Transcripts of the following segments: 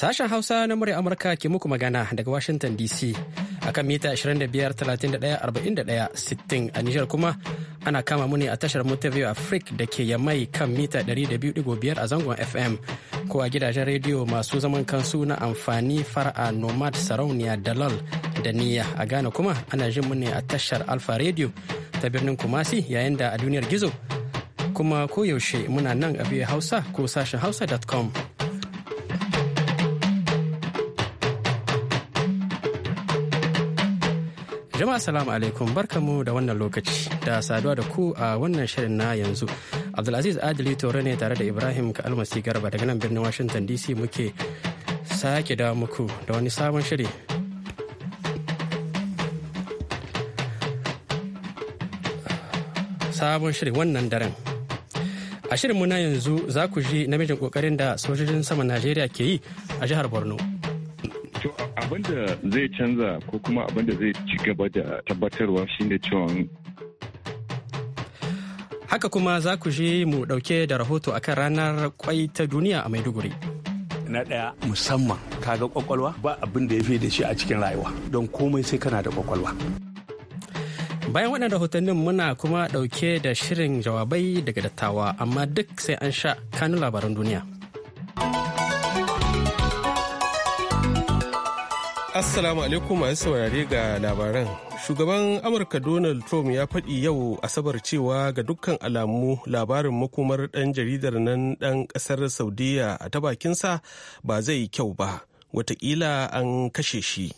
Sashen Hausa na murya Amurka ke muku magana daga Washington DC akan mita 25-31-41-60 a Nijar kuma ana kama mu a tashar Motivate Africa da ke yamai kan mita 200.5 a zangon FM ko a gidajen rediyo masu zaman kansu na amfani fara Nomad Sarauniya Dalal da Niyya a Ghana kuma ana jin mu a tashar Alpha Radio ta birnin Kumasi yayin da a duniyar gizo kuma koyaushe muna nan a biyu Hausa ko sashen Hausa.com. Jama'a assalamu alaikum barkamu da wannan lokaci da saduwa da ku a wannan shirin na yanzu. Abdulaziz Adili Tore ne tare da Ibrahim Kalmasi Garba daga nan birnin Washington DC muke sake da muku da wani sabon shiri. Sabon shiri wannan daren. A shirinmu na yanzu za ku ji namijin kokarin da sojojin sama Najeriya ke yi a jihar Borno. abin da zai canza ko kuma abin da zai ci gaba da tabbatarwa shine cewa haka kuma za ku je mu dauke da rahoto akan ranar kwai ta duniya a maiduguri na ɗaya musamman kaga kwakwalwa ba abin da ya fi da shi a cikin rayuwa don komai sai kana da kwakwalwa bayan waɗanda rahotannin muna kuma ɗauke da shirin jawabai daga dattawa amma duk sai an sha kanun labaran duniya Assalamu alaikum masu saurare ga labaran. Shugaban Amurka Donald Trump ya faɗi yau Asabar cewa ga dukkan alamu labarin makomar ɗan jaridar nan ɗan ƙasar Saudiya a ta bakinsa ba zai yi kyau ba, watakila an kashe shi.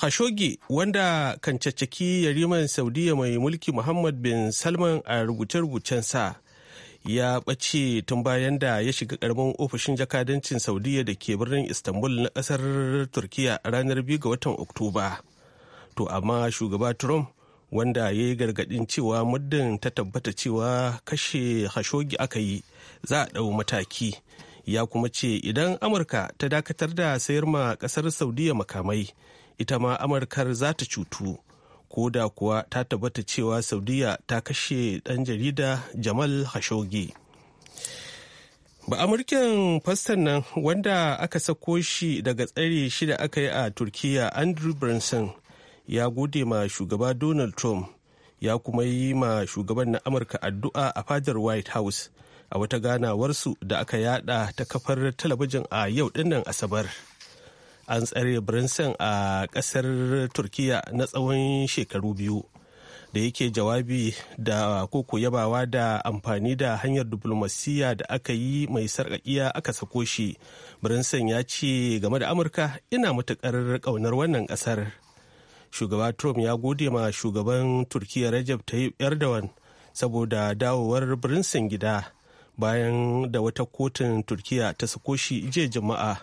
Khashoggi wanda kan caccaki yariman Saudiya mai mulki Muhammad bin Salman a rubuce-rubucensa ya ɓace tun bayan da ya shiga ƙaramin ofishin jakadancin saudiya da ke birnin istanbul na ƙasar turkiya ranar 2 ga watan oktoba to amma shugaba trump wanda ya yi gargaɗin cewa muddin ta tabbata cewa kashe hashogi aka yi za a ɗau mataki ya kuma ce idan amurka ta dakatar da sayar ma ƙasar saudiya makamai ita ma amurkar za ta cutu ko da kuwa ta tabbata cewa saudiya ta kashe ɗan jarida jamal hashogi. ba amurken fastan nan wanda aka sako shi daga tsare shi da aka yi a turkiya andrew branson ya gode ma shugaba donald trump ya kuma yi ma shugaban na amurka addu'a a fadar white house a wata ganawarsu da aka yada ta kafar talabijin a yau dinnan asabar. an tsare birnin a kasar Turkiya na tsawon shekaru biyu. da yake jawabi da koko yabawa da amfani da hanyar diplomasiya da aka yi mai sarƙaƙiya aka sako shi birnin ya ce game da amurka ina matukar ƙaunar wannan ƙasar shugaba trump ya gode ma shugaban turkiya rajab tayyip erdogan saboda dawowar birnin gida bayan da wata kotun turkiyya ta sako shi jiya jama'a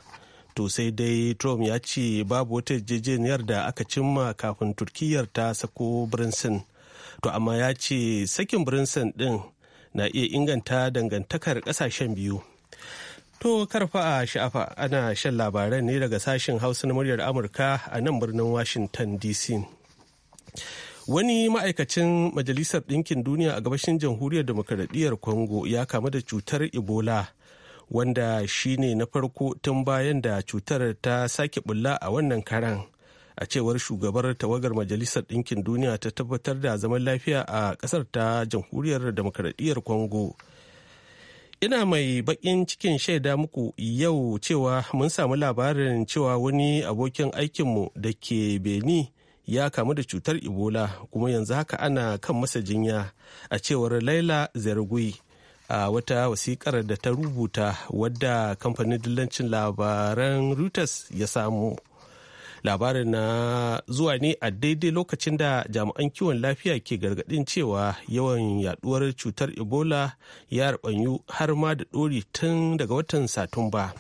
to sai dai trump ya ce babu wata jejeniyar da aka cimma kafin turkiyyar ta sako brinson to amma ya ce sakin brinson din na iya inganta dangantakar kasashen biyu to karfa a sha'afa ana shan labaran ne daga sashen hausa na muryar amurka a nan birnin washington dc wani ma'aikacin majalisar ɗinkin duniya a gabashin jamhuriyar demokradiyyar congo ya kamu da cutar ebola wanda shine na farko tun bayan da cutar ta sake bulla a wannan karan a cewar shugabar tawagar majalisar ɗinkin duniya ta tabbatar da zaman lafiya a ƙasar ta jamhuriyar demokradiyyar congo ina mai baƙin cikin shaida muku yau cewa mun samu labarin cewa wani abokin aikinmu da ke beni ya kamu da cutar ebola kuma yanzu haka ana kan masa jinya a cewar laila zargui a wata wasikar da ta rubuta wadda kamfanin dillancin labaran reuters ya samu labarin na zuwa ne a daidai lokacin da jami'an kiwon lafiya ke gargadin cewa yawan yaduwar cutar ebola ya rabanyu har ma da dori tun daga watan satumba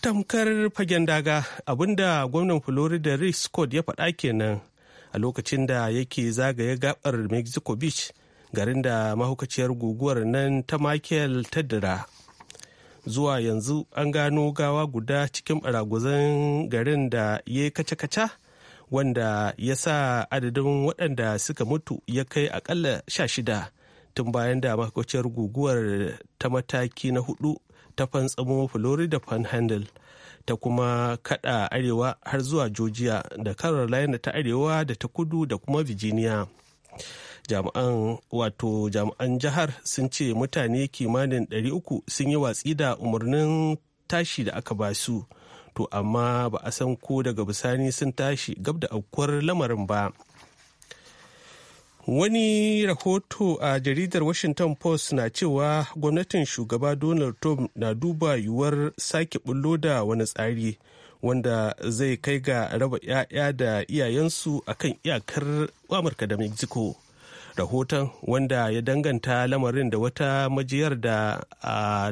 tamkar fagen daga abinda gwamnan florida rick scott ya faɗa kenan a lokacin da yake zagaye gabar mexico beach garin da mahaukaciyar guguwar nan ta Michael Tadira. Zuwa yanzu an gano gawa guda cikin baraguzan garin da ya kaca-kaca wanda ya sa adadin waɗanda suka mutu ya kai akalla sha shida tun bayan da mahaukaciyar guguwar ta mataki na hudu ta fantsamo Florida Panhandle. ta kuma kada arewa har zuwa georgia da carolina ta arewa da ta kudu da kuma virginia jami'an wato jami'an jihar sun ce mutane kimanin 300 sun yi watsi da umarnin tashi da aka ba su to amma ba a san ko daga bisani sun tashi gab da aukuwar lamarin ba wani rahoto a jaridar washington post na cewa gwamnatin shugaba donald trump na duba yiwuwar sake bullo da wani tsari wanda zai kai ga raba 'ya'ya da iyayensu a kan iyakar amurka da mexico rahoton wanda ya danganta lamarin da wata majiyar da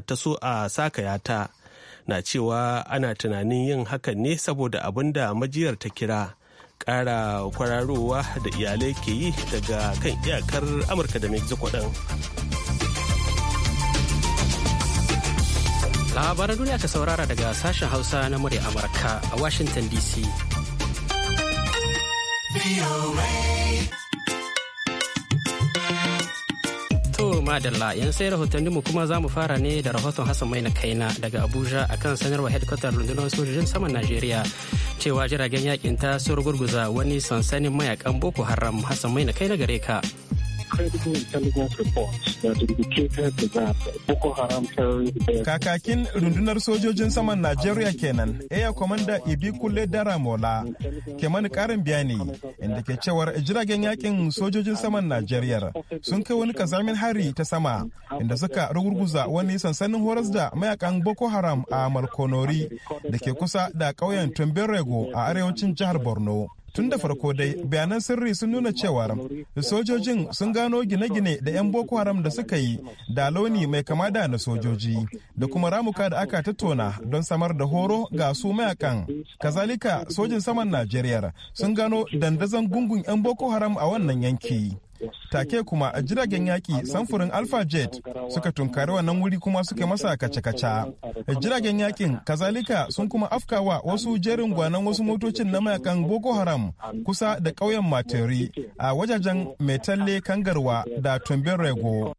ta so a sakayata yata na cewa ana tunanin yin hakan ne saboda abin da majiyar ta kira ƙara kwararowa da iyalai ke yi daga kan iyakar amurka da mexico ɗin. labaran duniya ka saurara daga sashen hausa na murya amurka a washington dc To madalla yan sai rahotanninmu kuma za mu fara ne da rahoton hassan maina kaina daga abuja akan sanarwa hedkwatar rundunar sojojin saman najeriya cewa jiragen yakin ta sun gurguza wani sansanin mayakan boko haram hassan mai kai na gare ka Kakakin rundunar sojojin saman Najeriya kenan, Air Commander Ibi Kule Daramola, ke mani karin bayani inda ke cewar jiragen yakin sojojin saman Najeriya sun kai wani kazamin hari ta sama inda suka rugurguza wani sansanin horas da mayakan Boko Haram a Malkonori da ke kusa da ƙauyen Tumberego a arewacin jihar Borno. Tun da farko dai bayanan sirri sun nuna cewa sojojin sun gano gine-gine da 'yan Boko Haram da suka yi da launi mai kama da na sojoji da kuma ramuka da aka tattauna don samar da horo ga su mayakan. Kazalika sojin saman Najeriya sun gano dandazon gungun 'yan Boko Haram a wannan yanki. take kuma a jiragen yaƙi samfurin alpha jet suka tunkari wannan wuri kuma suka masa kace-kace jiragen yaƙin kazalika sun kuma afkawa wasu jerin gwanan wasu motocin na mayakan boko haram kusa da ƙauyen materi a wajajen metalle kangarwa da tumbin rego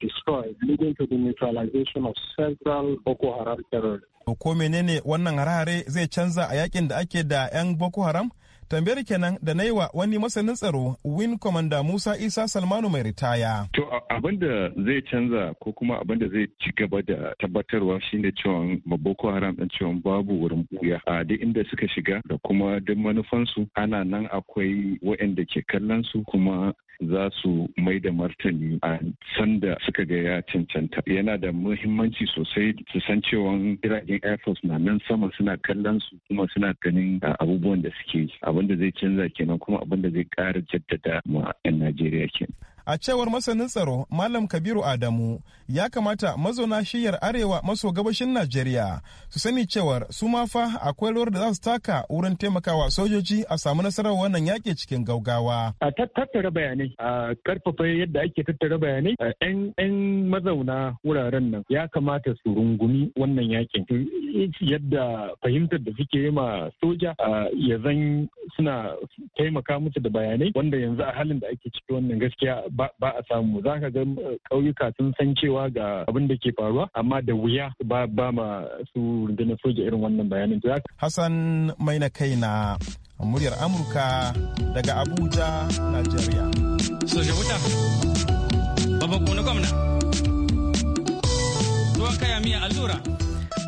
ko menene wannan hare-hare zai canza a yakin da ake da 'yan boko haram tambayar kenan da na yi wa wani masanin tsaro win commander musa isa salmanu mai ritaya to abin da zai canza ko kuma abin da zai ci gaba da tabbatarwa shine cewa maboko haram ɗin cewan babu wurin buya a duk inda suka shiga da kuma duk manufansu ana nan akwai wa'anda ke kallon su kuma za su mai da martani a sanda suka ga ya cancanta yana da muhimmanci sosai su san cewa jiragen air force na nan sama suna kallon su kuma suna ganin abubuwan da suke abin da zai canza kenan kuma abin da zai ƙara jaddada ma 'yan Najeriya kenan. A cewar masanin tsaro Malam Kabiru Adamu ya kamata mazauna shiyar arewa maso gabashin Najeriya su sani cewar su ma fa akwai rawar da za su taka wurin taimakawa sojoji a samu nasarar wannan yaƙi cikin gaugawa. A tattara bayanai a karfafa yadda ake tattara bayanai a yan mazauna wuraren nan ya kamata su rungumi wannan yaƙin. yadda fahimtar da suke yi ma soja ya zan suna taimaka musu da bayanai wanda yanzu a halin da ake ciki wannan gaskiya ba a samu za ka ga uh, ƙauyuka sun san cewa ga abin da ke faruwa amma da wuya ba ba ma su rundunar soja irin wannan bayanin. Hassan mai na kai na muryar Amurka daga Abuja, Najeriya. Soja wuta, babban kone gwamna. Ruwan kaya miya allura.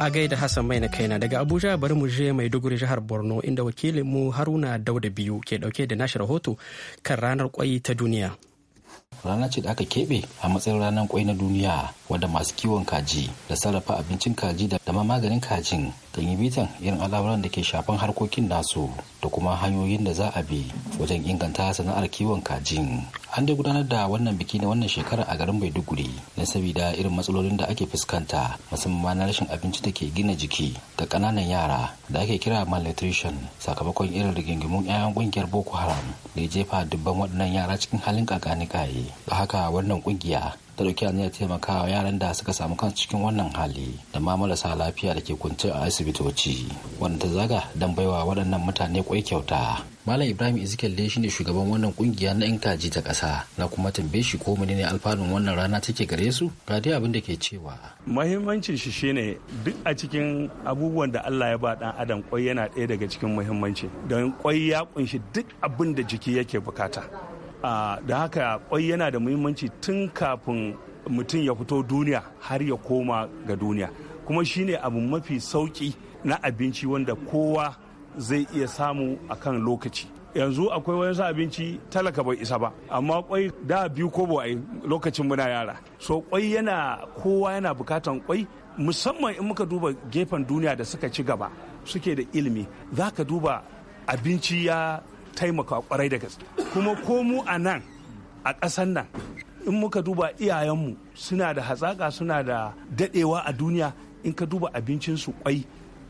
A gaida Hassan mai na kaina daga Abuja bari mu je Maiduguri jihar Borno inda wakilinmu Haruna Dauda biyu ke dauke da nashi rahoto kan ranar kwai ta duniya. rana ce da aka keɓe a matsayin ranar kwai na duniya wadda masu kiwon kaji da sarrafa abincin kaji da ma maganin kajin kan yi bitan irin al'amuran da ke shafan harkokin nasu da kuma hanyoyin da za a bi wajen inganta sana'ar kiwon kajin an dai gudanar da wannan biki na wannan shekara a garin maiduguri na saboda irin matsalolin da ake fuskanta musamman na rashin abinci da ke gina jiki ga ƙananan yara da ake kira malnutrition sakamakon irin rigingimun 'ya'yan ƙungiyar boko haram da ya jefa dubban waɗannan yara cikin halin kakani kaye da haka wannan ƙungiya ta dauki aniyar taimakawa yaran da suka samu kansu cikin wannan hali da ma marasa lafiya da ke kwance a asibitoci wanda ta zaga don baiwa waɗannan mutane kwai kyauta Malam Ibrahim Ezekiel dai shine shugaban wannan kungiya na 'yan kaji ta ƙasa na kuma tambaye shi ko ne alfanun wannan rana take gare su ga dai abin da ke cewa. Muhimmancin shi shine duk a cikin abubuwan da Allah ya ba dan adam kwai yana ɗaya daga cikin muhimmanci don kwai ya kunshi duk abin da jiki yake bukata. da haka kwai yana da muhimmanci tun kafin mutum ya fito duniya har ya koma ga duniya kuma shine abu mafi sauki na abinci wanda kowa zai iya samu akan lokaci yanzu akwai wasu abinci talaka bai isa ba amma kwai da biyu ko a lokacin muna yara so kwai yana kowa yana bukatan kwai musamman in muka duba gefen duniya da suka ci gaba suke da ilimi za ka duba abinci ya taimaka kwarai da gaske kuma ko mu a nan a ƙasan nan in muka duba iyayenmu suna da hatsaka suna da daɗewa a duniya in ka duba abincinsu kwai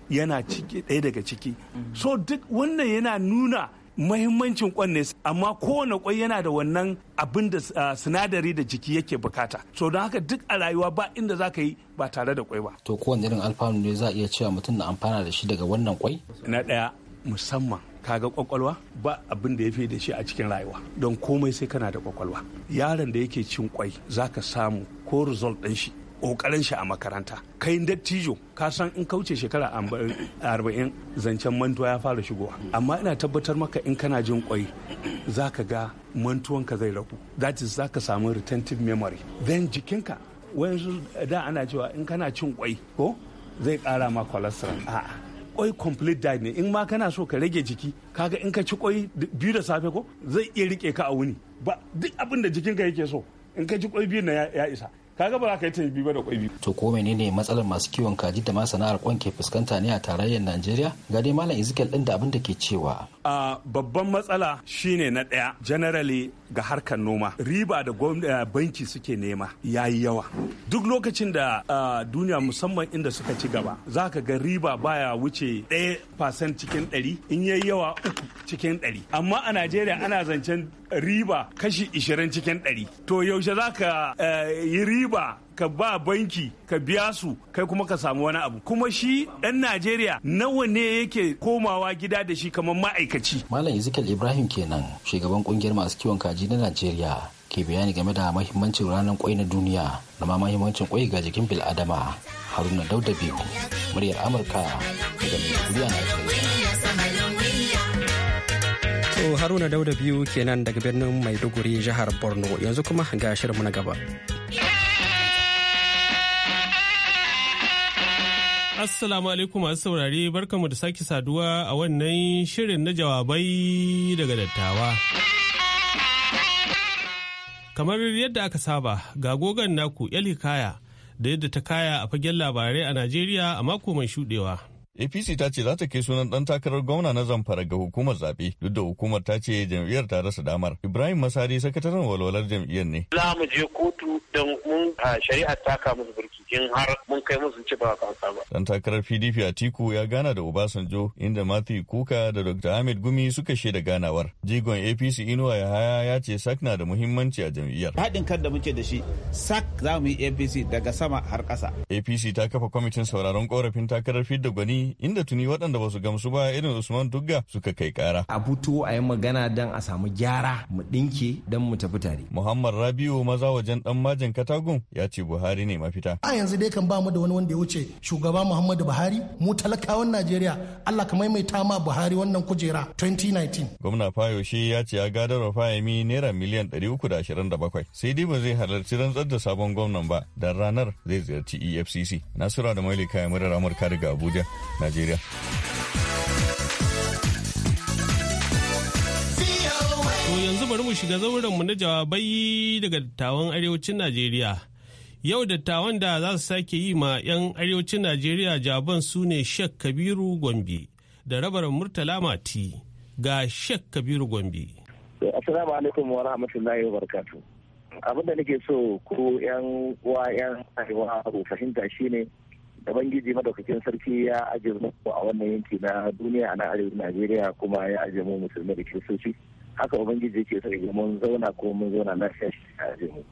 yana ciki ɗaya daga ciki so duk wannan yana nuna mahimmancin kwan ne amma kowane kwai yana da wannan abin da ah, sinadari da jiki yake bukata so don haka duk a rayuwa ba inda za ka yi ba tare da kwai ba to kowane irin alfanu ne za a iya cewa mutum na amfana da shi daga wannan kwai na ɗaya musamman Ka ga kwakwalwa ba abin da ya fi da shi a cikin rayuwa don komai sai kana da kwakwalwa yaron da yake cin kwai za ka samu ko result ɗin shi kokarin shi a makaranta kai dattijo ka san in kauce shekara arba'in zancen mantuwa ya fara shigowa amma ina tabbatar maka in kana jin kwai za ka ga mantuwanka zai ragu that is za ka samu retentive memory then jikinka wayansu da ana cewa in kana cin kwai ko zai kara ma cholesterol a'a kwai complete diet ne in ma kana so ka rage jiki kaga in ka ci kwai biyu da safe ko zai iya rike ka a wuni ba duk abin da jikinka yake so in ka ci kwai biyu na ya isa kaga ba za ka yi ta biyu ba da kwai biyu. to ko menene matsalar masu kiwon kaji da ma sana'ar kwan ke fuskanta ne a tarayyar najeriya ga dai malam ezekiel din da abin da ke cewa. a babban matsala shine na ɗaya generally ga harkar noma riba da eh, banki suke nema ya yi yawa duk lokacin da duniya musamman inda suka ci gaba za ka ga riba baya wuce ɗaya fasan cikin ɗari in yayi yawa uku cikin ɗari amma a najeriya ana zancen riba kashi ishirin cikin ɗari to yaushe za ka eh, yi riba ka ba banki ka biya su kai kuma ka samu wani abu kuma shi ɗan najeriya nawa ne yake komawa gida da shi kamar ma'aikaci malam ezekiel ibrahim kenan shugaban kungiyar masu kiwon kaji na najeriya ke bayani game da mahimmancin ranar kwai na duniya da ma mahimmancin kwai ga jikin bil'adama haruna dauda biyu muryar amurka daga maiduguri a To Haruna Dauda biyu kenan daga birnin Maiduguri jihar Borno yanzu kuma ga shirinmu na gaba. Assalamu alaikum masu saurare barkamu da sake saduwa a wannan shirin na jawabai daga dattawa. Kamar yadda aka saba ga gogon naku Eli Kaya da yadda ta kaya a fagen labarai a Najeriya a mako mai shudewa. APC ta ce za ta kai sunan ɗan takarar gwamna na zamfara ga hukumar zaɓe duk da hukumar ta ce jam'iyyar ta rasa damar. Ibrahim Masari sakataren walwalar jam'iyyar ne. Za mu je kotu don mun shari'a ta kama musu burki in har mun kai musu ci ba kansa ba. Ɗan takarar PDP Atiku ya gana da Obasanjo inda Matthew Kuka da Dr. Ahmed Gumi suka shaida ganawar. Jigon APC Inuwa Yahaya ya ce SAC na da muhimmanci a jam'iyyar. Haɗin kan da muke da shi SAC za mu yi APC daga sama har ƙasa. APC ta kafa kwamitin sauraron korafin takarar fidda gwani inda tuni waɗanda ba su gamsu ba irin Usman Dugga suka kai kara. A fito a yi magana don a samu gyara mu ɗinke don mu tafi tare. Muhammad Rabiu maza wajen ɗan majin Katagun ya ce Buhari ne mafita. A yanzu dai kan ba mu da wani wanda ya wuce shugaba Muhammadu Buhari mu talakawan Najeriya Allah ka maimaita ma Buhari wannan kujera 2019. Gwamna Fayoshe ya ce ya gadarwa Fayami naira miliyan 327 sai dai ba zai halarci rantsar da sabon gwamnan ba dan ranar zai ziyarci EFCC. Nasura da Maili kayan murar Amurka daga Abuja, Nigeria. To yanzu bari mu shiga zauren mu na jawabai daga dattawan arewacin Najeriya. Yau dattawan da za su sake yi ma 'yan arewacin Najeriya jaban su ne Sheikh Kabiru Gombe da rabar Murtala Mati ga Sheikh Kabiru Gombe. Assalamu alaikum wa rahmatullahi wa barakatu. Abin da nake so ku 'yan uwa 'yan arewa ku fahimta shine ubangiji madaukakin sarki ya ajiye mu a wannan yanki na duniya a nan najeriya kuma ya ajiye mu musulmi da kiristoci haka ubangiji ke so ya mun zauna ko mun zauna na shi a ajiye mu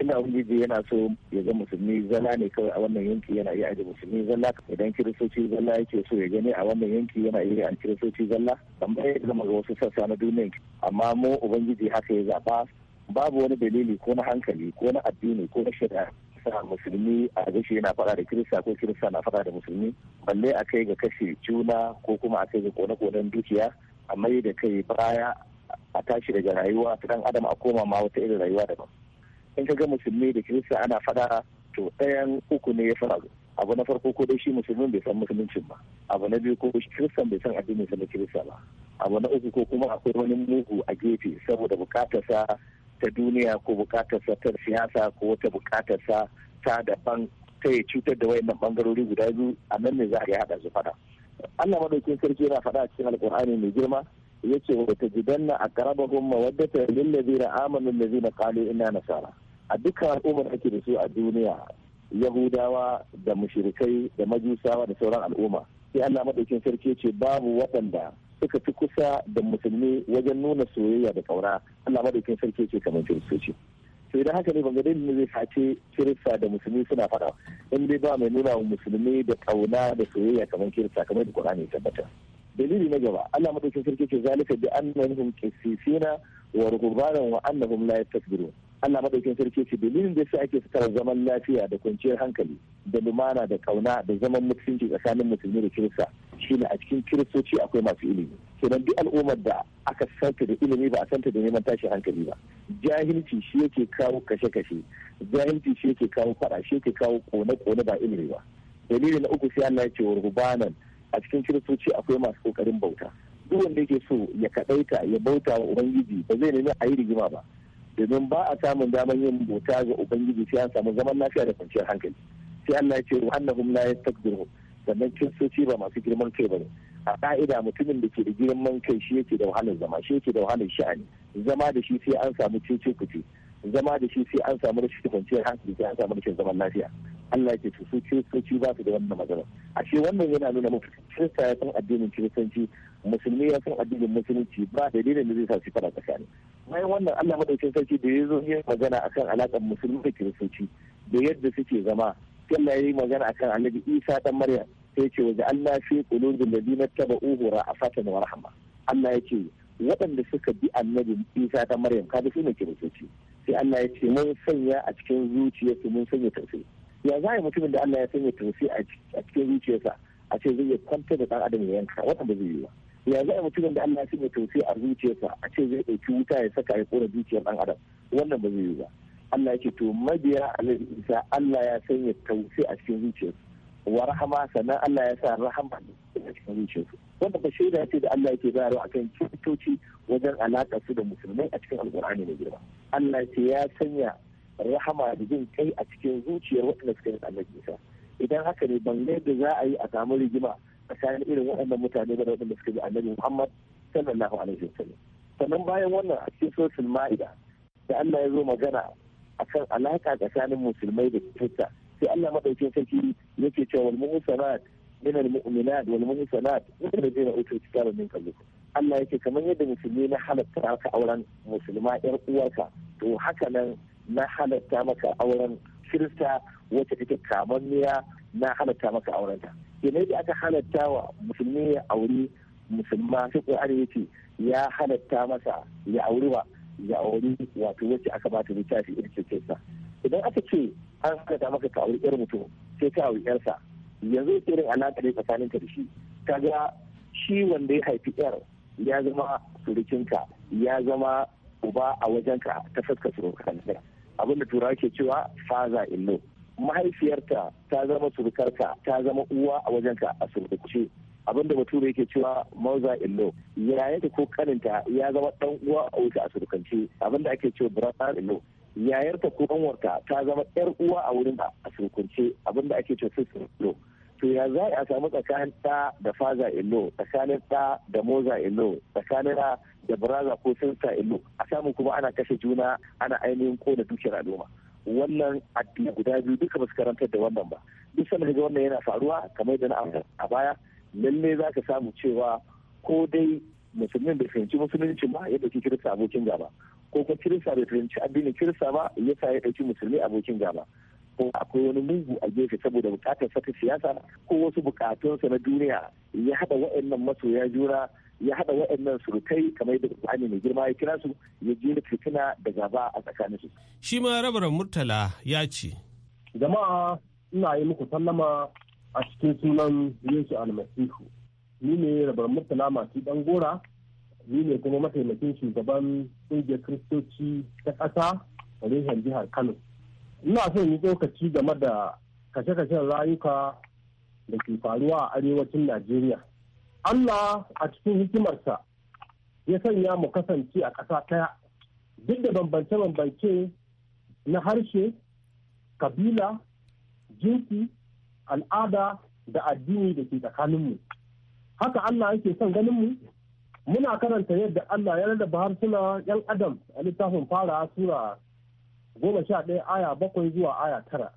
inda ubangiji yana so ya ga musulmi zalla ne kawai a wannan yanki yana iya ajiye musulmi zalla idan kiristoci zalla yake so ya gani a wannan yanki yana iya an kiristoci zalla kamar ya zama ga wasu sassa na duniya amma mu ubangiji haka ya zaba babu wani dalili ko na hankali ko na addini ko na shari'a sa musulmi a gashi yana faɗa da kirista ko kirista na faɗa da musulmi balle a kai ga kashe juna ko kuma a kai ga kone-konen dukiya a mai da kai baya a tashi daga rayuwa ta dan adam a koma ma wata irin rayuwa daban in ka ga musulmi da kirista ana faɗa to ɗayan uku ne ya faru abu na farko ko dai shi musulmin bai san musuluncin ba abu na biyu ko shi kiristan bai san addinin sa na kirista ba abu na uku ko kuma akwai wani mugu a gefe saboda bukatarsa ta duniya ko bukatarsa ta siyasa ko wata bukatarsa ta daban ta ya cutar da wayannan bangarori guda biyu a nan ne za a yi haɗa su fada Allah madaukin sarki yana faɗa a cikin alkur'ani mai girma Ya yace wa tajidanna wadda ta lil ladina amanu allazina qalu inna nasara a dukkan al'ummar ake da su a duniya yahudawa da mushirikai da majusawa da sauran al'umma sai Allah madaukin sarki ce babu waɗanda suka fi kusa da musulmi wajen nuna soyayya da kaura Allah madaukin sarki ce kamar kiristoci sai da haka ne ban ga dalilin zai face kirista da musulmi suna fada in dai ba mai nuna wa musulmi da kauna da soyayya kamar kirista kamar da Qur'ani ya tabbata dalili na gaba Allah madaukin sarki ce zalika bi annahum qissisina wa ruhbanan wa annahum la yastakbirun Allah madaukin sarki ce dalilin da yasa ake sakar zaman lafiya da kwanciyar hankali da lumana da kauna da zaman mutunci tsakanin musulmi da kirista shine a cikin kiristoci akwai masu ilimi kenan duk al'ummar da aka santa da ilimi ba a santa da neman tashin hankali ba jahilci shi yake kawo kashe-kashe jahilci shi yake kawo fada shi yake kawo kone-kone ba ilimi ba dalilin na uku sai Allah ya ce rubanan a cikin kiristoci akwai masu kokarin bauta duk wanda yake so ya kadaita ya bauta wa ubangiji ba zai nemi a yi rigima ba domin ba a samun daman yin bauta ga ubangiji sai an samu zaman lafiya da kwanciyar hankali sai Allah ya ce wa annahum la yastakbiru sannan kiristoci ba masu girman kai ba ne a ka'ida mutumin da ke da girman kai shi yake da wahalar zama shi yake da wahalar sha'ani zama da shi sai an samu cece kuce zama da shi sai an samu rashin kwanciyar hankali sai an samu rashin zaman lafiya Allah ke su kiristoci ba su da wannan magana ashe wannan yana nuna muku kirista ya san addinin kiristanci musulmi ya san addinin musulunci ba dalilin da zai sa su fara tsakani bayan wannan Allah madaukakin sarki da ya zo yin magana akan alaƙar musulmi da kiristoci da yadda suke zama Allah ya yi magana akan annabi Isa dan Maryam sai ce waje Allah fi qulubil ladina tabauhu ra'afatan wa rahma Allah ya ce waɗanda suka bi annabi Isa dan Maryam kada su ne kiristoci sai Allah ya ce mun sanya a cikin zuciyarsu mun sanya tausayi ya za a yi mutumin da Allah ya sanya tausi a cikin zuciyarsa a ce zai kwantar da ɗan adam ya yanka wannan ba zai yi ba ya za a yi mutumin da Allah ya sanya tausi a zuciyarsa a ce zai ɗauki wuta ya saka ya kora zuciyar ɗan adam wannan ba zai yi ba Allah ya ce to mabiya alaihi isa Allah ya sanya tausi a cikin zuciyarsa wa rahama sannan Allah ya sa rahama a cikin zuciyarsa wanda ba shaida ce da Allah yake bayarwa akan kyautoci wajen alaƙa su da musulmai a cikin alƙur'ani mai girma Allah ya ce ya sanya rahama da jin kai a cikin zuciyar waɗanda suka yi annabi idan haka ne ban yadda za a yi a samu rigima tsakanin irin waɗannan mutane da waɗanda suka bi annabi muhammad sallallahu alaihi wasallam sannan bayan wannan a cikin sosul ma'ida da allah ya zo magana akan alaƙa tsakanin musulmai da kirista sai allah maɗaukin sarki yake cewa wal muhsanat min al mu'minat wal muhsanat min al ladina utul kitaba min qablikum allah yake kamar yadda musulmi na halatta ka auren musulma yar uwarka to haka nan na halatta maka auren kirista wacce take kamanniya na halatta maka aurenta ina da aka halatta wa musulmi ya auri musulma shi ƙur'ani ya ya halatta masa ya auri ba ya auri wato wacce aka bata littafi irin ta idan aka ce an halatta maka ka auri yar mutum sai ka auri yarsa yanzu irin alaƙa ne ta da shi kaga shi wanda ya haifi yar ya zama surukinka ya zama uba a wajenka ta fuskar surukanka abin da turawa ke cewa faza illo mahaifiyarka ta zama surukarka ta zama uwa a wajenka a surukuce abin da bature yake cewa mauza illo yayin da ko kaninta ya zama dan uwa a wuce a surukance abin da ake cewa brother illo yayarta ko kanwarka ta zama yar uwa a wurin a surukance abin da ake cewa sister illo to ya za a samu tsakanin ta da faza illo tsakanin ɗa da moza illo tsakanin ta da braza ko sinsa illo a samu kuma ana kashe juna ana ainihin ko da dukiyar al'umma wannan addini guda biyu duka ba su karantar da wannan ba duk sanda da wannan yana faruwa kamar da na a baya lalle za ka samu cewa ko dai musulmin bai fahimci musulunci ba ya ke kirista abokin gaba ko kuma kirista bai fahimci addinin kirista ba ya sa ya ɗauki musulmi abokin gaba ko akwai wani mugu a gefe saboda bukatar saka siyasa ko wasu bukatunsa na duniya ya haɗa wa'annan masoya juna ya haɗa waɗannan surukai kamar yadda Qur'ani mai girma ya kira su ya da fitina da gaba a tsakanin su. Shi ma rabar Murtala ya ce. Jama'a ina yi muku sallama a cikin sunan Yesu Almasihu. Ni ne rabar Murtala masu ɗan gora, ni ne kuma mataimakin shugaban ƙungiyar Kiristoci ta ƙasa a jihar Kano. ina son yi tsokaci game da kashe-kashen rayuka da ke faruwa a arewacin najeriya allah a cikin hikimarsa ya sanya mu kasance a ƙasa ɗaya duk da bambance-bambance na harshe kabila jinsi al'ada da addini da ke tsakaninmu haka allah yake son ganinmu muna karanta yadda allah ya rarraba harsuna 'yan adam a littafin fara sura goma sha ɗaya aya bakwai zuwa aya tara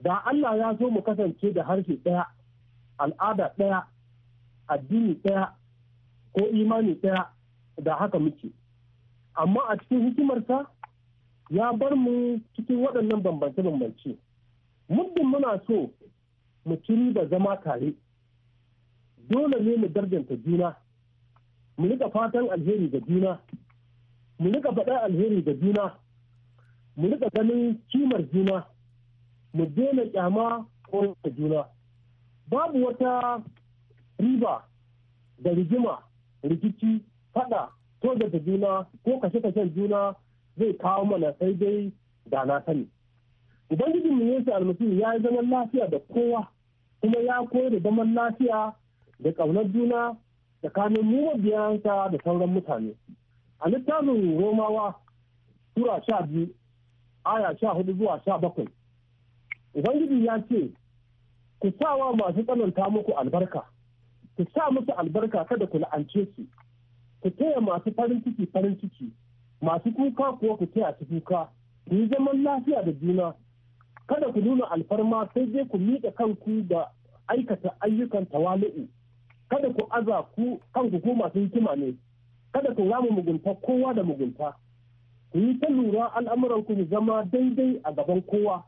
da Allah ya zo mu kasance da harshe ɗaya al'ada ɗaya addini ɗaya ko imani ɗaya da haka muke amma a cikin hikimarsa ya bar mu cikin waɗannan bambance-bambance muddin muna so mu ciri da zama tare dole ne mu darjanta juna mu nika fatan alheri da juna mu nika faɗa alheri da juna mu rika ganin kimar juna mu daina kyama ko juna babu wata riba da rigima rikici fada ko da juna ko kashe kashen juna zai kawo mana sai dai da na sani ubangijin mu yesu almasihu ya yi zaman lafiya da kowa kuma ya koyar da zaman lafiya da ƙaunar juna tsakanin mu mabiyansa da sauran mutane a littafin romawa tura sha biyu aya sha hudu zuwa sha bakwai ubangiji ya ce ku sa wa masu tsananta muku albarka ku sa musu albarka kada ku la'ance su ku taya masu farin ciki farin ciki masu kuka kuwa ku taya su kuka ku yi zaman lafiya da juna kada ku nuna alfarma sai dai ku miƙa kanku da aikata ayyukan tawali'u kada ku aza ku kanku ko masu hikima ne kada ku rama mugunta kowa da mugunta ku yi ta lura al'amuran ku zama daidai a gaban kowa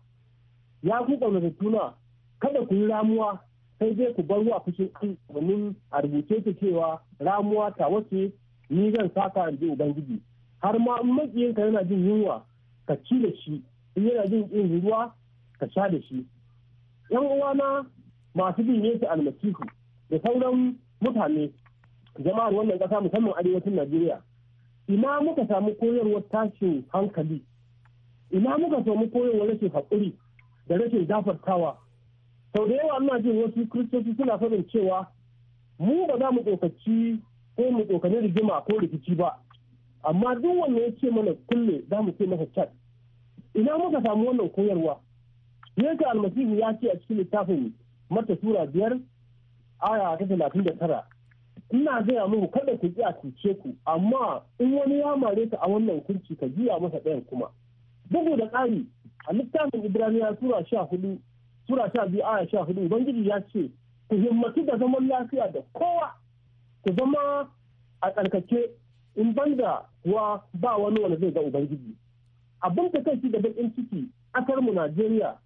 ya ku ƙaunar tuna kada ku yi ramuwa sai dai ku bar ruwa fushin domin a rubuce ta cewa ramuwa ta wace ni zan saka in ji ubangiji har ma in makiyinka yana jin yunwa ka ci da shi in yana jin ƙin ruwa ka sha da shi yan uwana masu bin yesu almasihu da sauran mutane jama'ar wannan ƙasa musamman arewacin najeriya ina muka samu koyarwar tashin hankali ina muka samu koyarwar rashin haƙuri da rashin gafartawa sau da yawa ina jin wasu kiristoci suna sanin cewa mu ba za mu tsokaci ko mu tsokani rigima ko rikici ba amma duk wanda ya ce mana kulle za mu ce masa cat ina muka samu wannan koyarwa yesu almasihu ya ce a cikin littafin mata sura biyar aya ta talatin da tara ina gaya muku kada ku ji a cuce ku amma in wani ya mare ka a wannan kurci ka giya masa ɗayan kuma bugu da ƙari a littafin ibraniya sura sha hudu sura sha biyu aya sha hudu ubangiji ya ce ku himmatu da zaman lafiya da kowa ku zama a tsarkake in banda wa ba wani wanda zai ga ubangiji abin da kai da bakin ciki kasar mu najeriya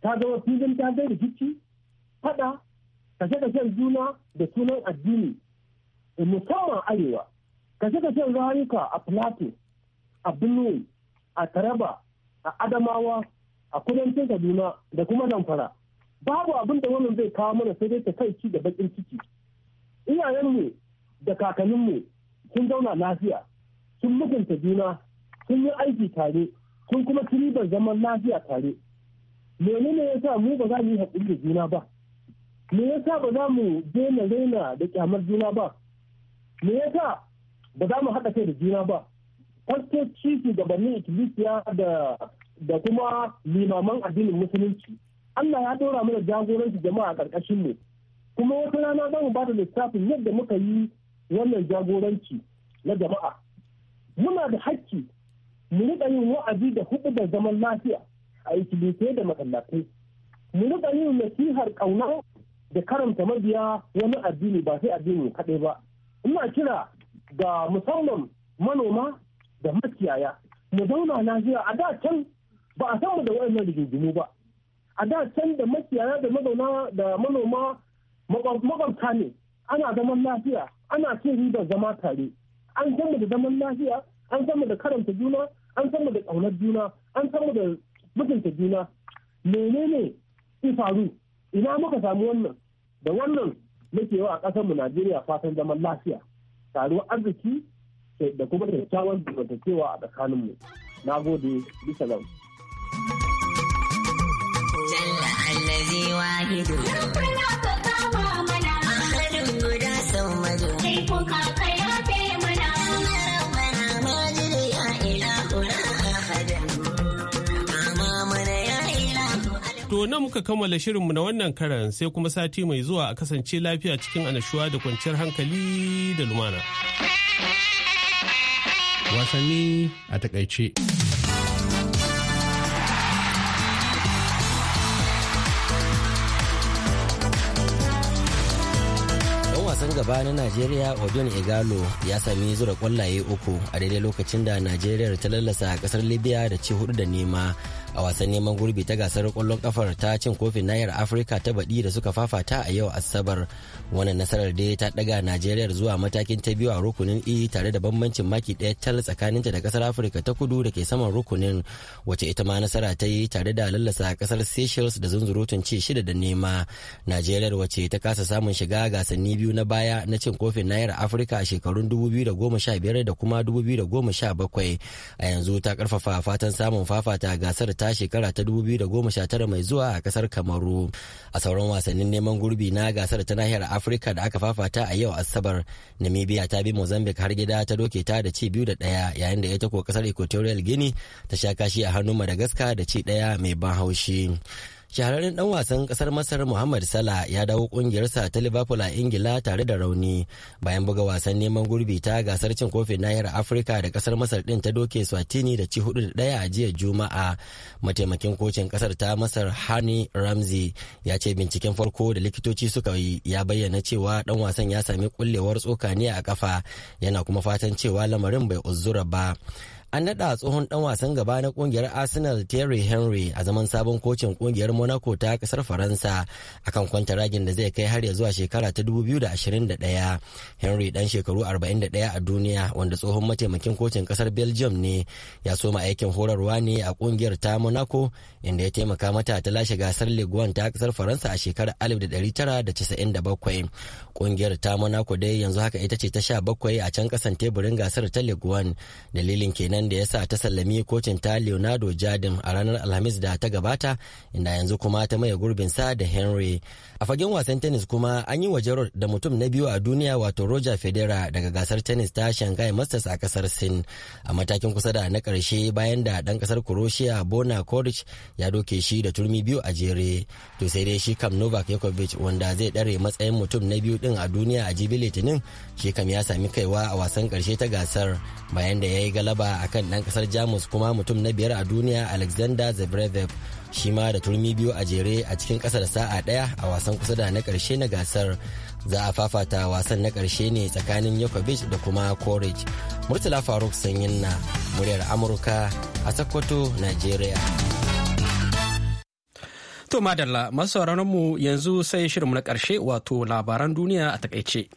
ta zama filin ta zai rikici fada kashe-kashen juna da sunan addini eh, musamman arewa kashe-kashen rayuka a plateau a benue a taraba a adamawa a kudancin kaduna da kuma damfara. babu abin da wannan zai kawo mana sai dai ta kai ci da bakin ciki iyayenmu da kakanninmu sun zauna lafiya sun mutunta juna sun yi aiki tare sun kuma ribar zaman lafiya tare menene ya sa mu ba za mu yi haƙuri da juna ba me ya sa ba za mu daina raina da kyamar juna ba me ya sa ba za mu haɗa kai da juna ba fastoci Cikin ikilisiya da da kuma limaman addinin musulunci Allah ya ɗora mana jagoranci jama'a a ƙarƙashin mu kuma wata rana za mu ba da lissafin yadda muka yi wannan jagoranci na jama'a muna da hakki mu riƙa yin wa'azi da hudu da zaman lafiya a ikilisiya da masallatai mu riƙa yin nasihar ƙauna da karanta mabiya wani addini ba sai addini kaɗai ba ina kira ga musamman manoma da makiyaya mu zauna lafiya a da can ba a san mu da wayannan rigingimu ba a da can da makiyaya da mazauna da manoma makwabta ne ana zaman lafiya ana cin ribar zama tare an san mu da zaman lafiya an san mu da karanta juna an san mu da ƙaunar juna an san mu da mutunta juna menene faru ina muka samu wannan da wannan muke yawa a ƙasar mu Najeriya fatan zaman lafiya taro arziki da kuma kyakkyawan zamantakewa a tsakanin mu na gode bisa lau. Jalla allazi wahidu nan muka kammala shirinmu na wannan karan sai kuma sati mai zuwa a kasance lafiya cikin anashuwa da kwanciyar hankali da lumana. Wasanni a takaice. shugaba na Najeriya Odun Igalo ya sami zura kwallaye uku a daidai lokacin da Najeriya ta lallasa kasar Libya da ci hudu da nema a wasan neman gurbi ta gasar kwallon kafar ta cin kofin nayar Afirka ta baɗi da suka fafata a yau Asabar. Wannan nasarar dai ta daga Najeriya zuwa matakin ta biyu a rukunin E tare da bambancin maki ɗaya tal tsakaninta da kasar Afirka ta kudu da ke saman rukunin wacce ita ma nasara ta yi tare da lallasa kasar Seychelles da zunzurutun ci shida da nema. Najeriya wacce ta kasa samun shiga gasanni biyu na baya baya na cin kofin nahiyar afirka a shekarun 2015 da kuma 2017 a yanzu ta karfafa fatan samun fafata gasar ta shekara ta 2019 mai zuwa a kasar kamaru a sauran wasannin neman gurbi na gasar ta nahiyar afirka da aka fafata a yau asabar namibia ta bi mozambique har gida ta doke ta da ci biyu da daya yayin da ita ko kasar equatorial guinea ta sha kashi a hannun madagascar da ci daya mai ban haushi shahararren dan wasan kasar masar muhammad sala ya dawo kungiyarsa ta liverpool a ingila tare da rauni bayan buga wasan neman gurbi ta gasar cin kofin nahiyar afirka da kasar masar din ta doke swatini da ci hudu da daya a jiya juma'a mataimakin kocin kasar ta masar hani ramsey ya ce binciken farko da likitoci suka yi ya bayyana cewa dan wasan ya sami kullewar tsoka ne a kafa yana kuma fatan cewa lamarin bai uzura ba an naɗa tsohon ɗan wasan gaba na ƙungiyar arsenal terry henry a zaman sabon kocin ƙungiyar monaco ta ƙasar faransa akan ragin da zai kai har ya zuwa shekara ta 2021 henry ɗan shekaru 41 a duniya wanda tsohon mataimakin kocin ƙasar belgium ne ya soma aikin horarwa ne a ƙungiyar ta monaco inda ya taimaka mata ta lashe gasar 1 ta ƙasar faransa a shekarar 1997 ƙungiyar ta monaco dai yanzu haka ita ce ta 17 a can ƙasan teburin gasar ta 1 dalilin kenan lamarin da ya sa ta sallami kocin ta leonardo jardim a ranar alhamis da ta gabata inda yanzu kuma ta maye gurbinsa da henry a fagen wasan tennis kuma an yi waje da mutum na biyu a duniya wato roger federer daga gasar tennis ta shanghai masters a kasar sin a matakin kusa da na karshe bayan da dan kasar croatia bona koric ya doke shi da turmi biyu a jere to sai dai shi kam novak yakovic wanda zai dare matsayin mutum na biyu din a duniya a jibi litinin shi kam ya sami kaiwa a wasan karshe ta gasar bayan da ya yi galaba a kan ɗan ƙasar jamus kuma mutum na biyar a duniya alexander zverev shi ma da turmi biyu a jere a cikin ƙasa da sa'a ɗaya a wasan kusa da na ƙarshe na gasar za a fafata wasan na ƙarshe ne tsakanin Yokovic da kuma courage Murtala Faruk Sanyin na muryar Amurka a Sokoto, Najeriya. To madalla masu mu yanzu sai shirinmu na ƙarshe wato labaran duniya a takaice.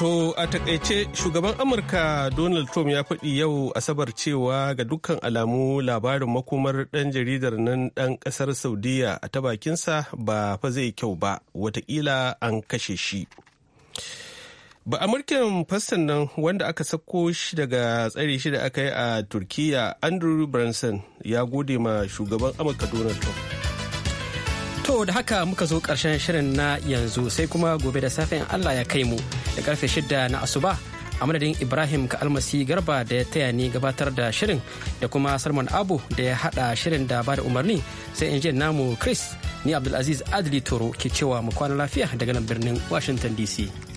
To a takaice shugaban Amurka Donald Trump ya faɗi yau Asabar cewa ga dukkan alamu labarin makomar ɗan jaridar nan ɗan ƙasar Saudiya a ta bakinsa ba fa zai kyau ba watakila an kashe shi. Ba Amurkin fastan nan wanda aka sako shi daga tsare shi da aka yi a Turkiyya Andrew Branson ya gode ma shugaban Amurka Donald Trump. To da haka muka zo ƙarshen shirin na yanzu sai kuma gobe da safin Allah ya kai mu. da karfe 6 na asuba a madadin ibrahim almasi garba da ya taya ni gabatar da shirin da kuma salman abu da ya hada shirin da ba da umarni sai injin namu chris ni abdulaziz adli toro ke cewa mu kwana lafiya daga nan birnin washington dc